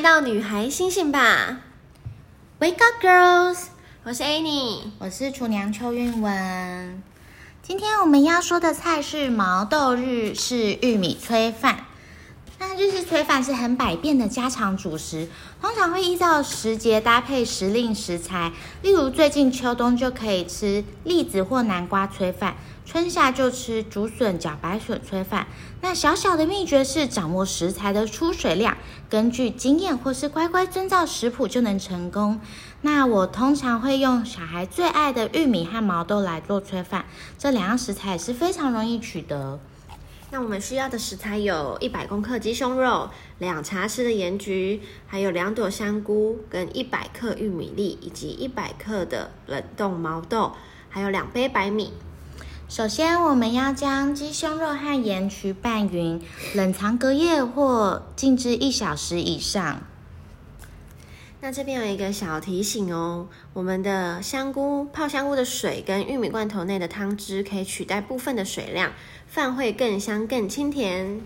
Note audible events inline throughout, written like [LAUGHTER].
來到女孩醒醒吧，Wake up girls！我是 Annie，我是廚娘邱韻文。今天我們要說的菜是毛豆日式玉米炊飯。那日式炊飯是很百變的家常主食，通常會依照時節搭配時令食材，例如最近秋冬就可以吃栗子或南瓜炊飯。春夏就吃竹筍、茭白筍炊飯，那小小的秘訣是掌握食材的出水量，根據經驗或是乖乖遵照食譜就能成功。那我通常會用小孩最愛的玉米和毛豆來做炊飯，這兩樣食材也是非常容易取得。那我們需要的食材有：一百公克雞胸肉、兩茶匙的鹽麴，還有兩朵香菇跟一百克玉米粒，以及一百克的冷凍毛豆，還有兩杯白米。首先，我們要將雞胸肉和鹽去拌勻，冷藏隔夜或靜置一小時以上。那這邊有一個小提醒哦，我們的香菇泡香菇的水跟玉米罐頭內的湯汁可以取代部分的水量，飯會更香更清甜。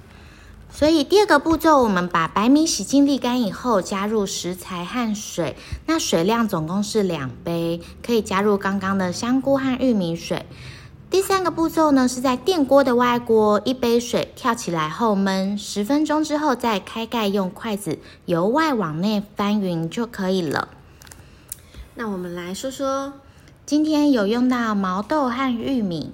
所以第二個步驟，我們把白米洗淨瀝乾以後，加入食材和水，那水量總共是兩杯，可以加入剛剛的香菇和玉米水。第三個步驟呢，是在電鍋的外鍋一杯水跳起來後燜十分鐘之後，再開蓋用筷子由外往內翻勻就可以了。那我們來說說今天有用到毛豆和玉米。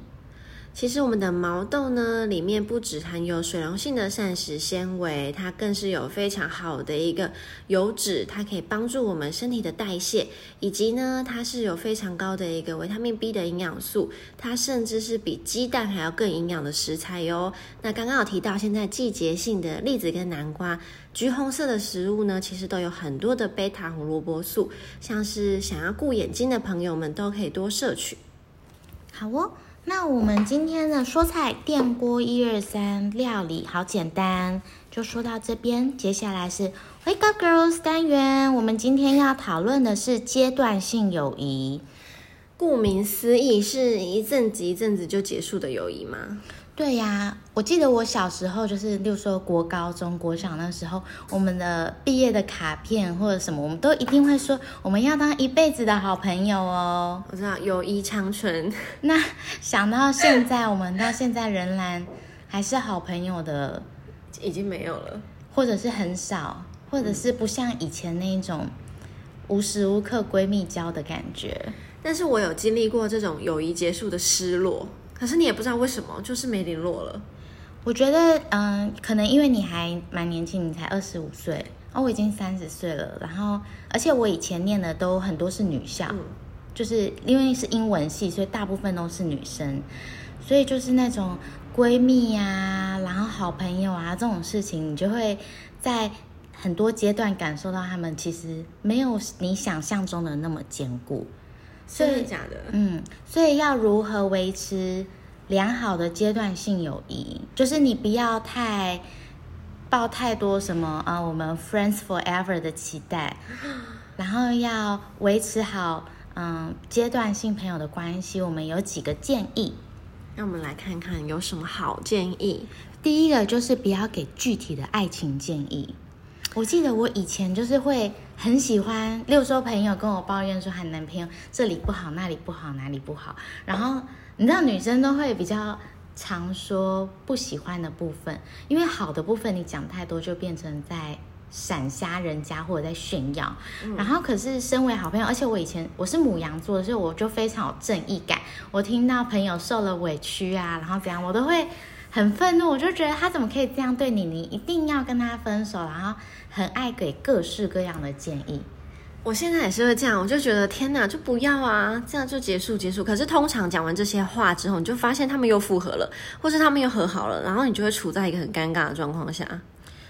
其實我們的毛豆呢，裡面不只含有水溶性的膳食纖維，它更是有非常好的一個油脂，它可以幫助我們身體的代謝，以及呢，它是有非常高的一個維他命 B 的營養素，它甚至是比雞蛋還要更營養的食材喲、哦。那剛剛有提到，現在季節性的栗子跟南瓜，橘紅色的食物呢，其實都有很多的貝塔胡蘿蔔素，像是想要顧眼睛的朋友們都可以多攝取。好哦。那我們今天的說菜電鍋一二三料理好簡單，就說到這邊。接下來是《Wake Up Girls》單元，我們今天要討論的是階段性友誼。顧名思義，是一陣子一陣子就結束的友誼嗎？對呀，我記得我小時候就是，比如說國高中、國小那時候，我們的畢業的卡片或者什麼，我們都一定會說我們要當一輩子的好朋友哦。我知道，友誼長存。那想到現在，我們到現在仍然還是好朋友的，已經沒有了，或者是很少，或者是不像以前那一種無時無刻閨蜜交的感覺。但是我有經歷過這種友誼結束的失落。可是你也不知道為什麼，就是沒聯絡了。我覺得，嗯、呃，可能因為你還蠻年輕，你才二十五歲，哦我已經三十歲了。然後，而且我以前念的都很多是女校，嗯、就是因為是英文系，所以大部分都是女生。所以就是那種閨蜜呀、啊，然後好朋友啊這種事情，你就會在很多階段感受到，他們其實沒有你想象中的那麼堅固。真的假的？嗯，所以要如何維持良好的階段性友誼？就是你不要太抱太多什麼啊，我們 friends forever 的期待，然後要維持好嗯階段性朋友的關係。我們有幾個建議，讓我們來看看有什麼好建議。第一個就是不要給具體的愛情建議。我記得我以前就是會很喜歡六周朋友跟我抱怨說，她男朋友這裡不好，那裡不好，哪裡不好。然後你知道女生都會比較常說不喜歡的部分，因為好的部分你講太多就變成在閃瞎人家或者在炫耀。然後可是身為好朋友，而且我以前我是牡羊座的時候，我就非常有正義感。我聽到朋友受了委屈啊，然後怎樣，我都會。很憤怒，我就覺得他怎麼可以這樣對你？你一定要跟他分手，然後很愛給各式各樣的建議。我現在也是會這樣，我就覺得天哪，就不要啊，這樣就結束，結束。可是通常講完這些話之後，你就發現他們又復合了，或是他們又和好了，然後你就會處在一個很尷尬的狀況下。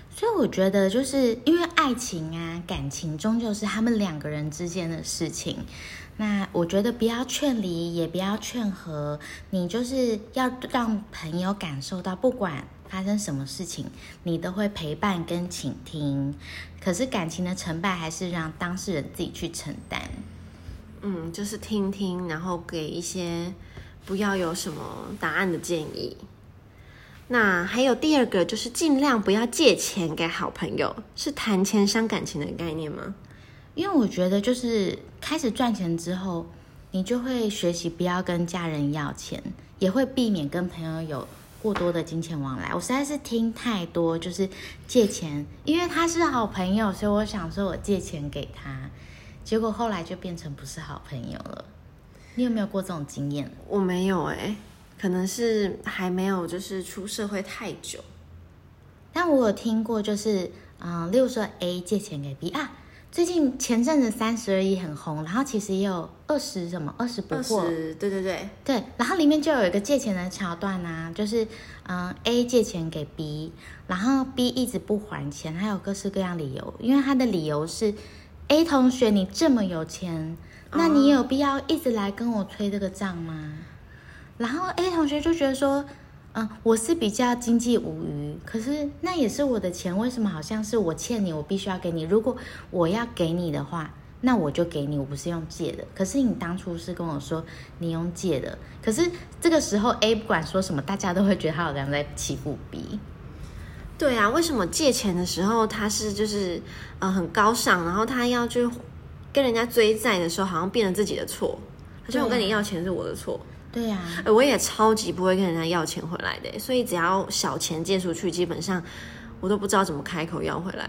所以我覺得，就是因為愛情啊，感情終究是他們兩個人之間的事情。那我覺得不要勸離，也不要勸和，你就是要讓朋友感受到，不管發生什麼事情，你都會陪伴跟傾聽。可是感情的成敗還是讓當事人自己去承擔。嗯，就是聽聽，然後給一些不要有什麼答案的建議。那還有第二個，就是盡量不要借錢給好朋友，是談錢傷感情的概念嗎？因為我覺得，就是開始賺錢之後，你就會學習不要跟家人要錢，也會避免跟朋友有過多的金錢往來。我實在是聽太多，就是借錢，因為他是好朋友，所以我想說我借錢給他，結果後來就變成不是好朋友了。你有沒有過這種經驗？我沒有哎、欸，可能是還沒有就是出社會太久。但我有聽過，就是嗯，例如說 A 借錢給 B 啊。最近前陣子三十而已很紅，然後其實也有二十什麼二十不惑，20，對對對對，然後裡面就有一個借錢的橋段啊，就是嗯 A 借錢給 B，然後 B 一直不還錢，還有各式各樣理由，因為他的理由是 A 同學你這麼有錢，嗯、那你有必要一直來跟我催這個賬嗎？然後 A 同學就覺得說。嗯，我是比較經濟無虞，可是那也是我的錢，為什麼好像是我欠你，我必須要給你？如果我要給你的話，那我就給你，我不是用借的。可是你當初是跟我說你用借的，可是這個時候 A 不管說什麼，大家都會覺得他好像在欺負 B。對啊，為什麼借錢的時候他是就是呃、嗯、很高尚，然後他要去跟人家追債的時候，好像變成自己的錯，好像我跟你要錢是我的錯。對呀、啊，對。我也超級不會跟人家要錢回來的，所以只要小錢借出去，基本上我都不知道怎麼開口要回來。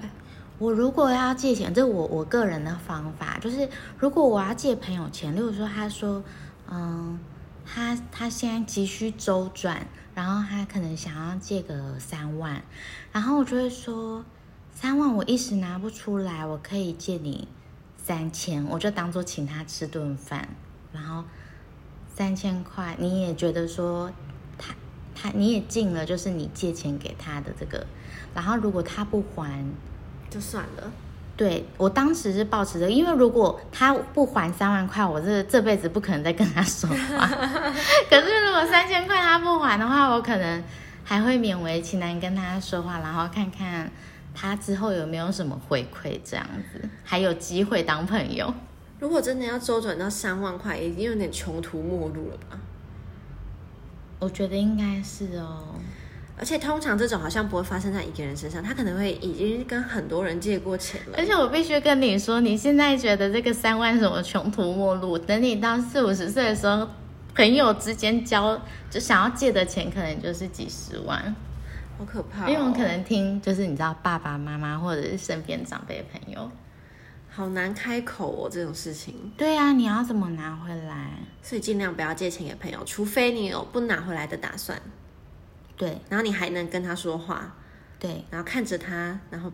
我如果要借錢，這是我我個人的方法，就是如果我要借朋友錢，例如說他說，嗯，他他現在急需周轉，然後他可能想要借個三萬，然後我就會說三萬我一時拿不出來，我可以借你三千，我就當做請他吃頓飯，然後。三千塊，你也覺得說他他你也進了，就是你借錢給他的這個，然後如果他不還，就算了。對，我當時是抱持着，因為如果他不還三萬塊，我這這輩子不可能再跟他說話。 [LAUGHS] 可是如果三千塊他不還的話，我可能還會勉為其難跟他說話，然後看看他之後有沒有什麼回饋，這樣子還有機會當朋友。如果真的要周轉到三萬塊，已經有點窮途末路了吧？我覺得應該是哦。而且通常這種好像不會發生在一個人身上，他可能會已經跟很多人借過錢了。而且我必須跟你說，你現在覺得這個三萬什麼窮途末路？等你到四五十歲的時候，朋友之間交就想要借的錢，可能就是幾十萬，好可怕哦！因為我們可能聽就是你知道爸爸媽媽或者是身邊長輩朋友。好難開口哦，這種事情。對啊，你要怎麼拿回來？所以盡量不要借錢給朋友，除非你有不拿回來的打算。對，然後你還能跟他說話。對，然後看着他，然後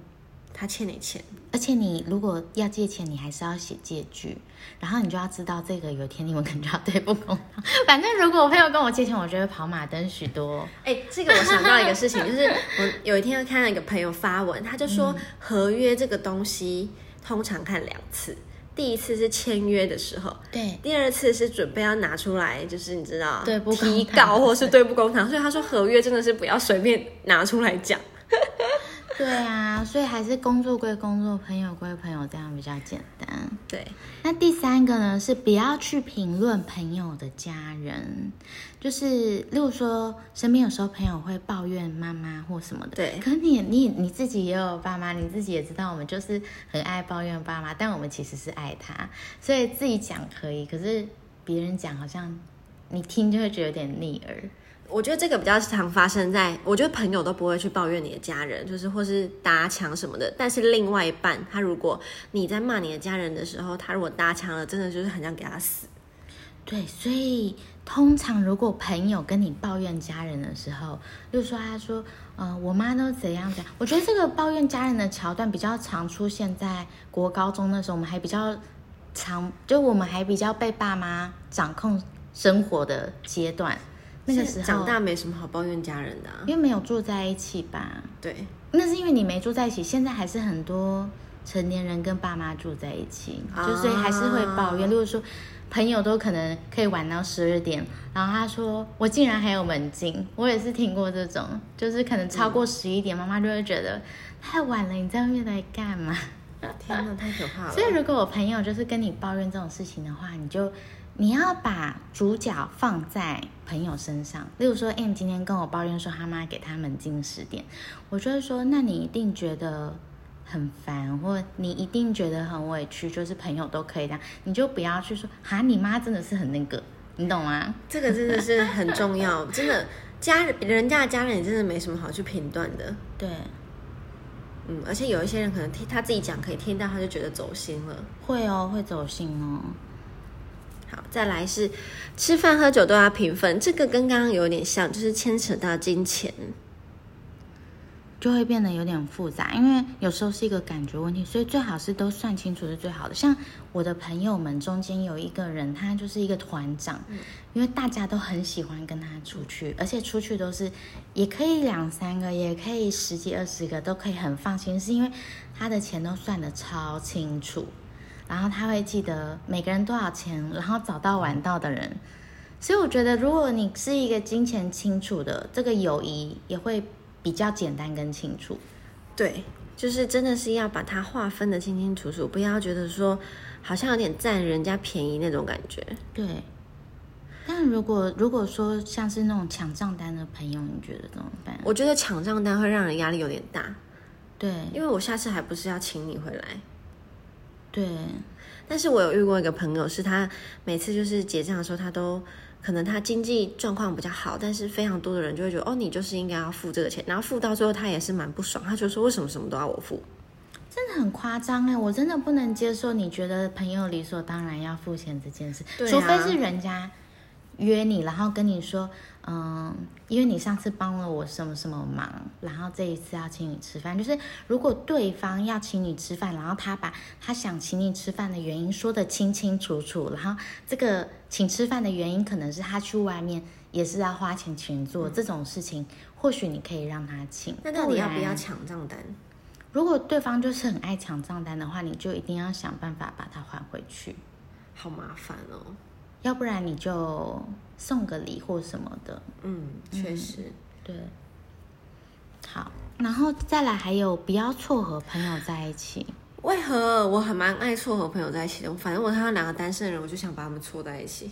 他欠你錢。而且你如果要借錢，你還是要寫借據，然後你就要知道這個。有一天你們肯定要對簿公堂。反正如果我朋友跟我借錢，我就會跑馬燈許多。哎、欸，這個我想到了一個事情， [LAUGHS] 就是我有一天看到一個朋友發文，他就說合約這個東西。嗯通常看兩次，第一次是簽約的時候，對；第二次是準備要拿出來，就是你知道，對不，不提告或是對簿公堂，對，所以他說合約真的是不要隨便拿出來講。對啊，所以還是工作歸工作，朋友歸朋友，這樣比較簡單。對，那第三個呢是不要去評論朋友的家人，就是例如說，身邊有時候朋友會抱怨媽媽或什麼的。對，可你你你自己也有爸媽，你自己也知道，我們就是很愛抱怨爸媽，但我們其實是愛他，所以自己講可以，可是別人講好像你聽就會覺得有點逆耳。我覺得這個比較常發生在，我覺得朋友都不會去抱怨你的家人，就是或是搭腔什麼的。但是另外一半，他如果你在罵你的家人的時候，他如果搭腔了，真的就是很想給他死。對，所以通常如果朋友跟你抱怨家人的時候，就說他說呃，我媽都怎樣怎樣。我覺得這個抱怨家人的橋段比較常出現在國高中的時候，我們還比較常，就我們還比較被爸媽掌控生活的階段。那個時候長大沒什麼好抱怨家人的、啊，因為沒有住在一起吧。嗯、對，那是因為你沒住在一起。現在還是很多成年人跟爸媽住在一起，啊、就所以還是會抱怨。例如說朋友都可能可以晚到十二點，然後他說我竟然還有門禁，我也是聽過這種，就是可能超過十一點，媽媽、嗯、就會覺得太晚了，你在外面來幹嘛？啊、天哪、啊，太可怕了。所以如果我朋友就是跟你抱怨這種事情的話，你就。你要把主角放在朋友身上，例如說，M、欸、你今天跟我抱怨說他媽給他們進食點，我就會說，那你一定覺得很煩，或你一定覺得很委屈，就是朋友都可以的，你就不要去說哈，你媽真的是很那個，你懂嗎？這個真的是很重要， [LAUGHS] 真的家人，人家的家人，真的沒什麼好去評斷的。對，嗯，而且有一些人可能聽他自己講可以聽到，他就覺得走心了，會哦會走心哦。再來是吃飯喝酒都要平分，這個跟剛剛有點像，就是牽扯到金錢，就會變得有點複雜。因為有時候是一個感覺問題，所以最好是都算清楚是最好的。像我的朋友們中間有一個人，他就是一個團長，嗯、因為大家都很喜歡跟他出去，而且出去都是也可以兩三個，也可以十幾二十個，都可以很放心，是因為他的錢都算得超清楚。然後他會記得每個人多少錢，然後早到晚到的人，所以我覺得如果你是一個金錢清楚的，這個友誼也會比較簡單跟清楚。對，就是真的是要把它劃分得清清楚楚，不要覺得說好像有點占人家便宜那種感覺。對，但如果如果說像是那種搶賬單的朋友，你覺得怎麼辦？我覺得搶賬單會讓人壓力有點大。對，因為我下次還不是要請你回來。對，但是我有遇過一個朋友，是他每次就是結賬的時候，他都可能他經濟狀況比較好，但是非常多的人就會覺得，哦，你就是應該要付這個錢，然後付到最後他也是蠻不爽，他就說為什麼什麼都要我付，真的很誇張哎、欸，我真的不能接受你覺得朋友理所當然要付錢這件事，啊、除非是人家約你，然後跟你說。嗯，因為你上次幫了我什麼什麼忙，然後這一次要請你吃飯，就是如果對方要請你吃飯，然後他把他想請你吃飯的原因說得清清楚楚，然後這個請吃飯的原因可能是他去外面也是要花錢請人做、嗯、這種事情，或許你可以讓他請。那到底要不要搶賬單？如果對方就是很愛搶賬單的話，你就一定要想辦法把他還回去。好麻煩哦。要不然你就送個禮或什麼的。嗯，嗯、確實，對。好，然後再來還有不要撮合朋友在一起。為何我很蠻愛撮合朋友在一起的。反正我看到兩個單身人，我就想把他們撮在一起。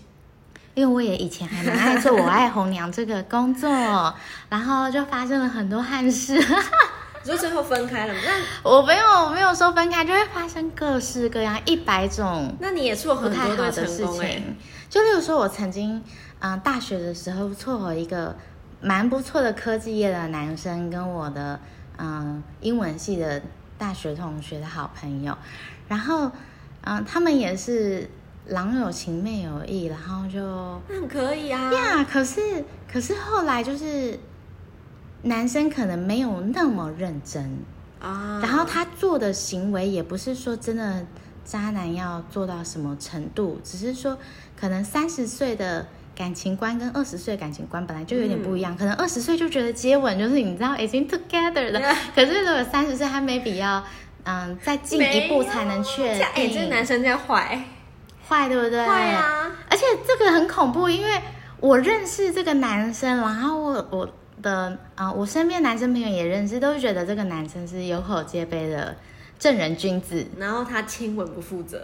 因為我也以前還蠻愛做我愛紅娘這個工作， [LAUGHS] 然後就發生了很多憾事， [LAUGHS] 你就最後分開了嗎？那我沒有，我沒有說分開，就會發生各式各樣一百種。那你也是很多好的事情。就例如說，我曾經，嗯、呃，大學的時候撮合一個蠻不錯的科技業的男生，跟我的嗯、呃、英文系的大學同學的好朋友，然後，嗯、呃，他們也是郎有情妹有意，然後就那很可以啊，呀，Yeah, 可是可是後來就是男生可能沒有那麼認真啊，然後他做的行為也不是說真的。渣男要做到什麼程度？只是說，可能三十歲的感情觀跟二十歲的感情觀本來就有點不一樣。嗯、可能二十歲就覺得接吻就是你知道已經 together 了，嗯、可是如果三十歲還沒必要，嗯，再進一步才能確定。哎，這個男生在壞，壞對不對？壞啊！而且這個很恐怖，因為我認識這個男生，然後我我的啊，我身邊男生朋友也認識，都是覺得這個男生是有口皆碑的。正人君子，然後他親吻不負責，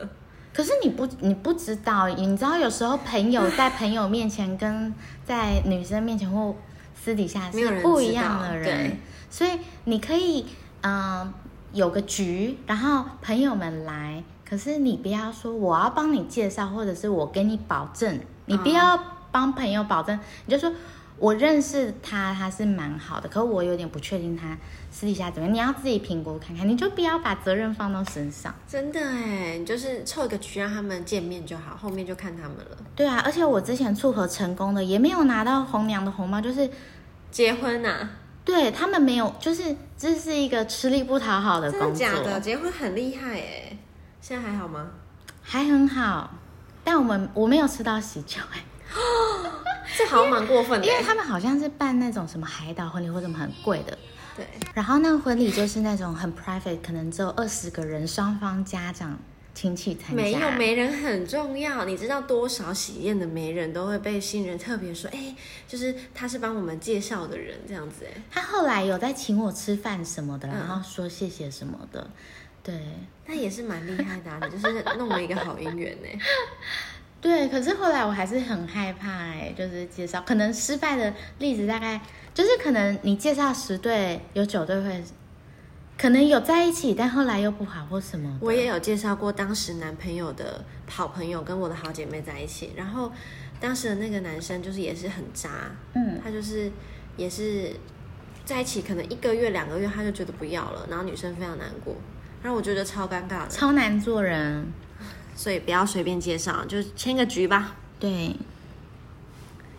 可是你不你不知道，你知道有時候朋友在朋友面前跟在女生面前或私底下是不一樣的人，人所以你可以嗯、呃、有個局，然後朋友們來，可是你不要說我要幫你介紹，或者是我跟你保證，你不要幫朋友保證，哦、你就說我認識他，他是蠻好的，可我有點不確定他。私底下怎麼？你要自己評估看看，你就不要把責任放到身上。真的哎、欸，你就是湊個局讓他們見面就好，後面就看他們了。對啊，而且我之前撮合成功的也沒有拿到紅娘的紅包，就是結婚啊。對他們沒有，就是這是一個吃力不討好的工作。真的假的？結婚很厲害哎、欸，現在還好嗎？還很好，但我們我沒有吃到喜酒哎，這好像蠻過分的、欸，因為他們好像是辦那種什麼海島婚禮或者什麼很貴的。對然後那個婚禮就是那種很 private，可能只有二十個人，雙方家長親戚參加。沒有媒人很重要，你知道多少喜宴的媒人都會被新人特別說，哎，就是他是幫我們介紹的人這樣子哎。他後來有在請我吃飯什麼的，然後說謝謝什麼的，嗯、對，他也是蠻厲害的、啊，就是弄了一個好姻緣哎。對，可是後來我還是很害怕欸，就是介紹可能失敗的例子，大概就是可能你介紹十對，有九對會可能有在一起，但後來又不好或什麼。我也有介紹過，當時男朋友的好朋友跟我的好姐妹在一起，然後當時的那個男生就是也是很渣，嗯，他就是也是在一起可能一個月兩個月他就覺得不要了，然後女生非常難過，然後我覺得超尷尬的，超難做人。所以不要隨便介紹，就簽個局吧。對，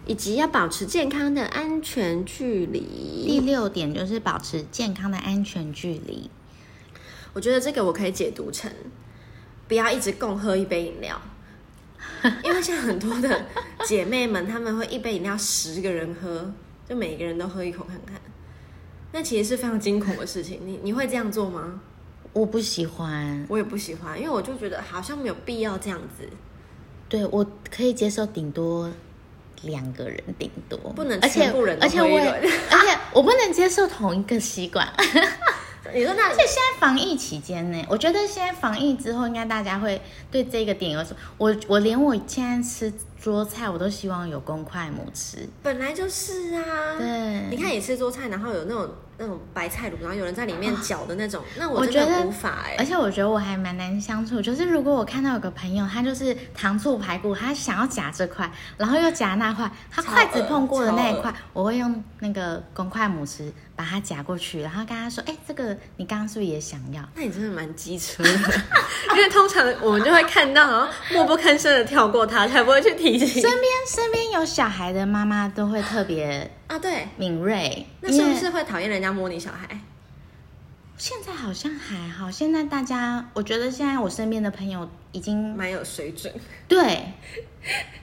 以及要保持健康的安全距離。第六點就是保持健康的安全距離。我覺得這個我可以解讀成，不要一直共喝一杯飲料， [LAUGHS] 因為像很多的姐妹們，她們會一杯飲料十個人喝，就每個人都喝一口看看，那其實是非常驚恐的事情。 [LAUGHS] 你你會這樣做嗎？我不喜歡，我也不喜歡，因為我就覺得好像沒有必要這樣子。對，我可以接受，頂多兩個人，頂多不能接受而，而且而且我、啊、而且我不能接受同一個吸管你說那？而且現在防疫期間呢，我覺得現在防疫之後，應該大家會對這個點有所……我我連我現在吃桌菜，我都希望有公筷母匙。本來就是啊，對，你看，你吃桌菜，然後有那種。那種白菜滷，然後有人在裡面攪的那種，啊、那我覺得無法哎、欸。而且我覺得我還蠻難相處，就是如果我看到有個朋友，他就是糖醋排骨，他想要夾這塊，然後又夾那塊，他筷子碰過的那一塊，噁我會用那個公筷母匙把它夾過去，噁然後跟他說：“哎、欸，這個你剛剛是不是也想要？”那你真的蠻機車的， [LAUGHS] [LAUGHS] 因為通常我們就會看到然後默不吭聲的跳過他，才不會去提醒。身邊身邊有小孩的媽媽都會特別。啊，對，敏銳，那是不是會討厭人家摸你小孩？現在好像還好，現在大家，我覺得現在我身邊的朋友已經蠻有水準。對，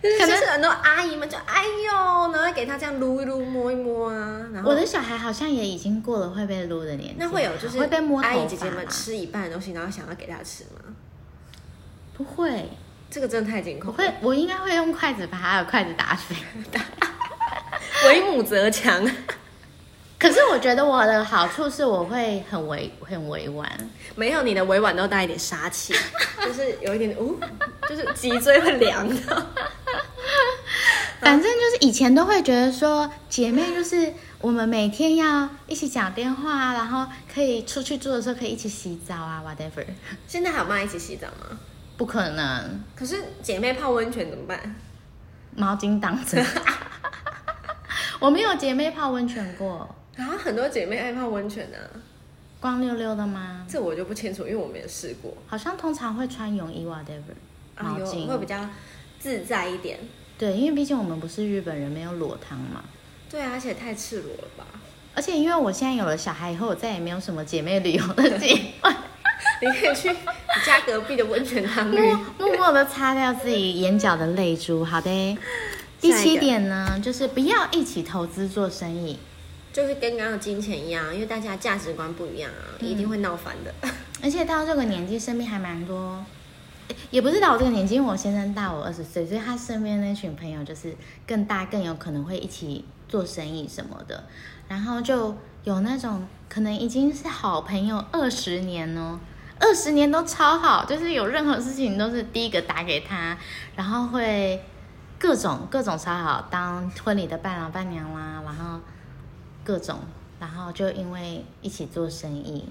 就能是，是很多阿姨們就哎呦，然後給他這樣擼一擼，摸一摸啊。然後我的小孩好像也已經過了會被擼的年紀。那會有就是會被阿姨姐姐們吃一半的東西，然後想要給他吃嗎？不會，這個真的太驚恐。會，我應該會用筷子把他的筷子打碎。 [LAUGHS] 為母則強，可是我覺得我的好處是，我會很委很委婉，沒有你的委婉都帶一點殺氣， [LAUGHS] 就是有一點哦，就是脊椎會涼的。反正就是以前都會覺得說，姐妹就是我們每天要一起講電話啊，然後可以出去住的時候可以一起洗澡啊，whatever。現在還好嗎？一起洗澡嗎？不可能。可是姐妹泡溫泉怎麼辦？毛巾擋着。 [LAUGHS] 我沒有姐妹泡溫泉過啊，很多姐妹愛泡溫泉啊，光溜溜的嗎？這我就不清楚，因為我沒有試過。好像通常會穿泳衣 whatever、啊呦、襪子、毛巾，會比較自在一點。對，因為畢竟我們不是日本人，沒有裸湯嘛。對啊，而且太赤裸了吧。而且因為我現在有了小孩以後，我再也沒有什麼姐妹旅遊的機會。 [LAUGHS] 你可以去你家隔壁的溫泉湯裡默默地擦掉自己眼角的淚珠。好的。第七點呢，就是不要一起投資做生意，就是跟剛剛金錢一樣，因為大家價值觀不一樣啊，嗯、一定會鬧翻的。而且到這個年紀、哦，身邊還蠻多，也不是到我這個年紀，因為我先生大我二十歲，所以他身邊那群朋友就是更大，更有可能會一起做生意什麼的。然後就有那種可能已經是好朋友二十年哦，二十年都超好，就是有任何事情都是第一個打給他，然後會。各種各種超好，當婚禮的伴郎伴娘啦，然後各種，然後就因為一起做生意，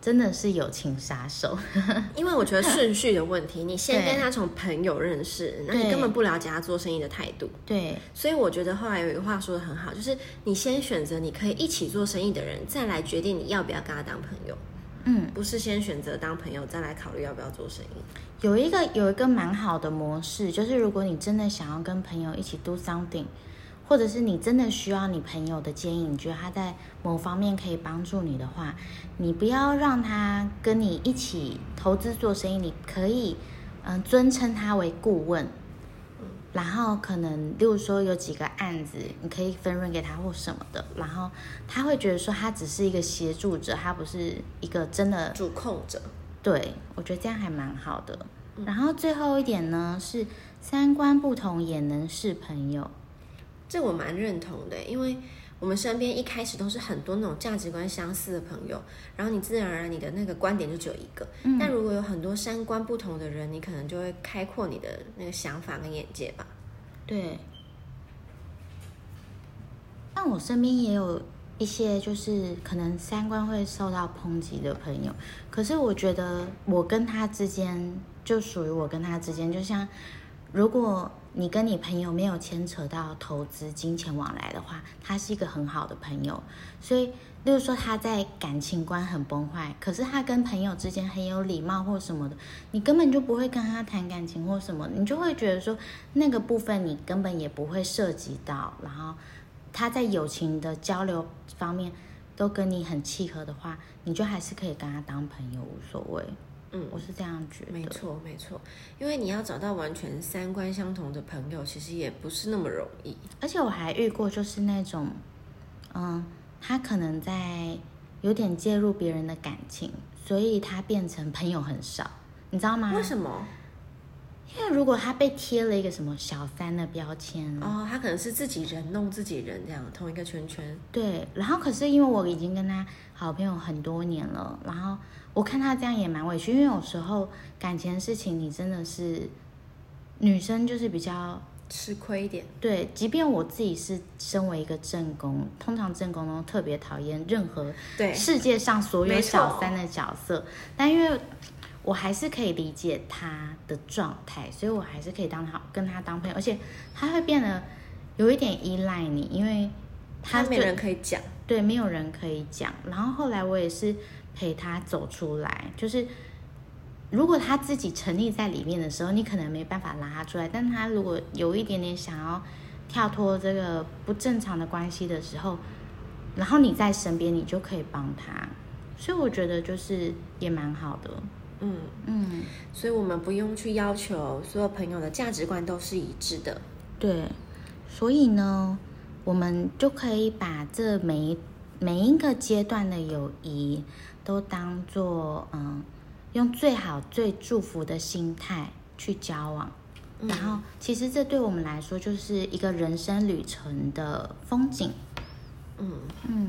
真的是友情殺手。 [LAUGHS] 因為我覺得順序的問題，你先跟他從朋友認識，對那你根本不了解他做生意的態度。對，所以我覺得後來有一個話說得很好，就是你先選擇你可以一起做生意的人，再來決定你要不要跟他當朋友。嗯，不是先選擇當朋友，再來考慮要不要做生意。有一個有一個蠻好的模式，就是如果你真的想要跟朋友一起 do something，或者是你真的需要你朋友的建議，你覺得他在某方面可以幫助你的話，你不要讓他跟你一起投資做生意，你可以，嗯，尊稱他為顧問。然後可能，例如說有幾個案子，你可以分潤給他或什麼的，然後他會覺得說，他只是一個協助者，他不是一個真的主控者。對，我覺得這樣還蠻好的。嗯、然後最後一點呢，是三觀不同也能是朋友，這我蠻認同的，因為。我們身邊一開始都是很多那種價值觀相似的朋友，然後你自然而然你的那個觀點就只有一個。嗯。但如果有很多三觀不同的人，你可能就會開闊你的那個想法跟眼界吧。對。但我身邊也有一些就是可能三觀會受到抨擊的朋友，可是我覺得我跟他之間就屬於我跟他之間，就像如果。你跟你朋友沒有牽扯到投資、金錢往來的話，他是一個很好的朋友。所以，例如說他在感情觀很崩壞，可是他跟朋友之間很有禮貌或什麼的，你根本就不會跟他談感情或什麼，你就會覺得說那個部分你根本也不會涉及到。然後，他在友情的交流方面都跟你很契合的話，你就還是可以跟他當朋友，無所謂。嗯，我是這樣覺得，嗯。沒錯，沒錯，因為你要找到完全三觀相同的朋友，其實也不是那麼容易。而且我還遇過，就是那種，嗯，他可能在有點介入別人的感情，所以他變成朋友很少。你知道嗎？為什麼？因為如果他被貼了一個什麼小三的標籤，哦，他可能是自己人弄自己人這樣，同一個圈圈。對，然後可是因為我已經跟他好朋友很多年了，然後我看他這樣也蠻委屈，因為有時候感情的事情，你真的是女生就是比較吃虧一點。對，即便我自己是身為一個正宮，通常正宮都特別討厭任何對世界上所有小三的角色，但因為。我還是可以理解他的狀態，所以我還是可以當他跟他當朋友，而且他會變得有一點依賴你，因為他就沒人可以講，對，沒有人可以講。然後後來我也是陪他走出來，就是如果他自己沉溺在裡面的時候，你可能沒辦法拉他出來，但他如果有一點點想要跳脫這個不正常的關係的時候，然後你在身邊，你就可以幫他。所以我覺得就是也蠻好的。嗯嗯，所以，我們不用去要求所有朋友的價值觀都是一致的。對，所以呢，我們就可以把這每一、每一個階段的友誼都當做，嗯，用最好最祝福的心態去交往。嗯、然後，其實這對我們來說就是一個人生旅程的風景。嗯嗯，嗯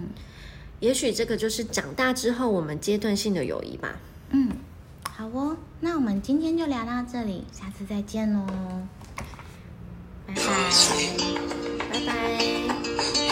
也許這個就是長大之後我們階段性的友誼吧。嗯。好哦，那我們今天就聊到這裡，下次再見嘍，拜拜，拜拜。